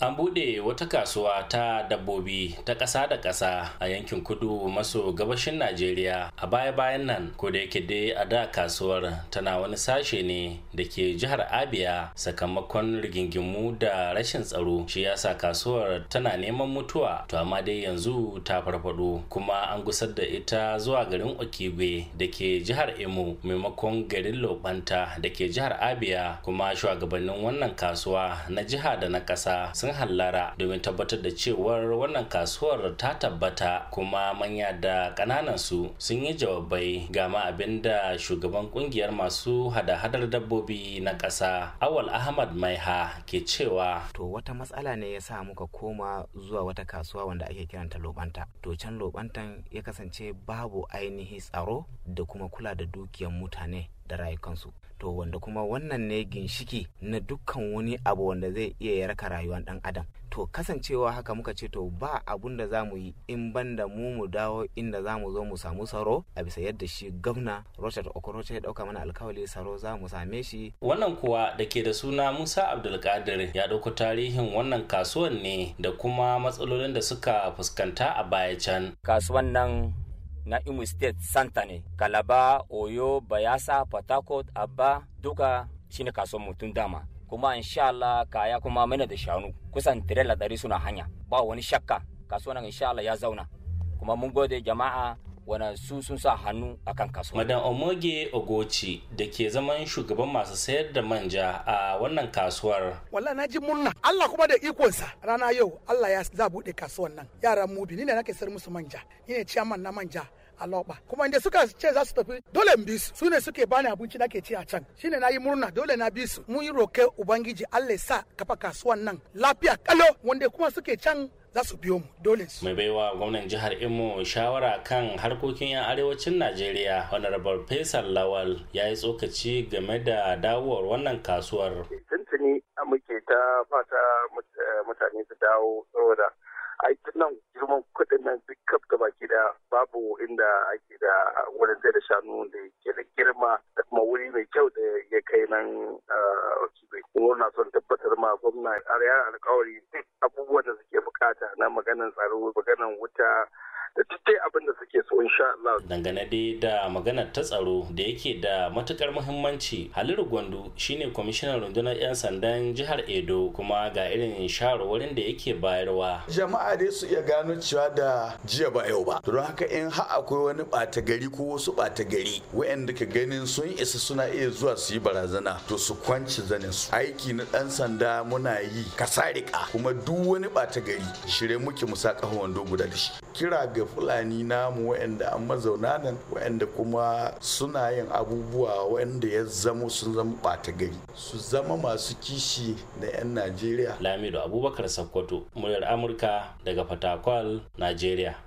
An buɗe wata kasuwa ta dabbobi ta ƙasa da ƙasa a yankin kudu maso gabashin Najeriya a baya-bayan nan ko da yake dai a da kasuwar tana wani sashe ne da ke jihar Abia sakamakon rigingimu da rashin tsaro shi yasa kasuwar tana neman mutuwa to amma dai yanzu ta farfado kuma an gusar da ita zuwa garin Okigwe da ke jihar Imo maimakon garin Lobanta da ke jihar Abia kuma shugabannin wannan kasuwa na jiha da na ƙasa sun hallara domin tabbatar da cewar wannan kasuwar ta tabbata kuma manya da ƙananan su sun yi jawabai ga ma abin da shugaban kungiyar masu hada-hadar dabbobi na ƙasa awal ahmad maiha ke cewa to wata matsala ne ya sa muka koma zuwa wata kasuwa wanda ake kiranta lobanta to can lobantan ya kasance babu ainihi tsaro da kuma kula da dukiyar mutane da rayukansu to wanda kuma wannan ne ginshiki na dukkan wani abu wanda zai iya yarka rayuwar dan adam to kasancewa haka muka ce to ba abun da za mu yi in banda mu mu dawo inda za mu zo mu samu saro a bisa yadda shi gwamna Rochard Okorocha ya dauka mana alkawali saro za mu same shi wannan kuwa da ke da suna Musa Abdulkadir ya dauko tarihin wannan kasuwan ne da kuma matsalolin da suka fuskanta a baya can kasuwan nan na Imo State Santa Kalaba, Oyo, Bayasa, Patakot, Abba duka shine kaso mutum dama. Kuma insha Allah kaya kuma mana da shanu kusan tirela dari suna hanya ba wani shakka nan insha Allah ya zauna. Kuma mun gode jama'a wana su sun sa hannu a kan kasuwa. Madan Omoge Ogochi da ke zaman shugaban masu sayar da manja a wannan kasuwar. Wallah na ji murna Allah kuma da ikonsa rana yau Allah ya za buɗe kasuwar nan yaran mubi ni ne nake sayar musu manja ni ne ciyaman na manja a loba kuma inda suka ce za su tafi dole in bisu. su su ne suke bani abinci ke ci a can shine na yi murna dole na bi su mun yi roke ubangiji Allah ya sa kafa kasuwan nan lafiya kalo wanda kuma suke can za su biyo mu dole su. Mai baiwa gwamnan jihar Imo shawara kan harkokin 'yan arewacin Najeriya Honorable Faisal Lawal ya yi tsokaci game da dawowar wannan kasuwar. Tuntuni muke ta fata mutane su dawo saboda ai nan girman kuɗin nan duk kaf baki da babu inda ake shanu da ke da girma da kuma wuri mai kyau da ya kai nan kibai kuma na son tabbatar ma gwamna arya alkawari abubuwan da suke bukata na maganin tsaro maganin wuta da duk abin da suke so insha dangane dai da maganar ta tsaro da yake da matukar muhimmanci halir Gwandu shine kwamishinan rundunar 'yan sandan jihar Edo kuma ga irin shawarwarin da yake bayarwa jama'a dai su iya gano cewa da jiya ba yau ba don haka in ha akwai wani ɓata gari ko wasu ɓata gari waɗanda ka ganin sun isa suna iya zuwa su yi barazana to su kwanci zanin su aiki na ɗan sanda muna yi kasarika kuma duk wani ɓata gari shirye muke musa ƙahon wando guda da shi kira ga fulani namu waɗanda wa'anda an mazauna nan waɗanda kuma suna yin abubuwa wanda ya zama sun zama ɓata gari su zama masu kishi na 'yan najeriya lamido abubakar sakkwato muryar amurka daga fatakwal najeriya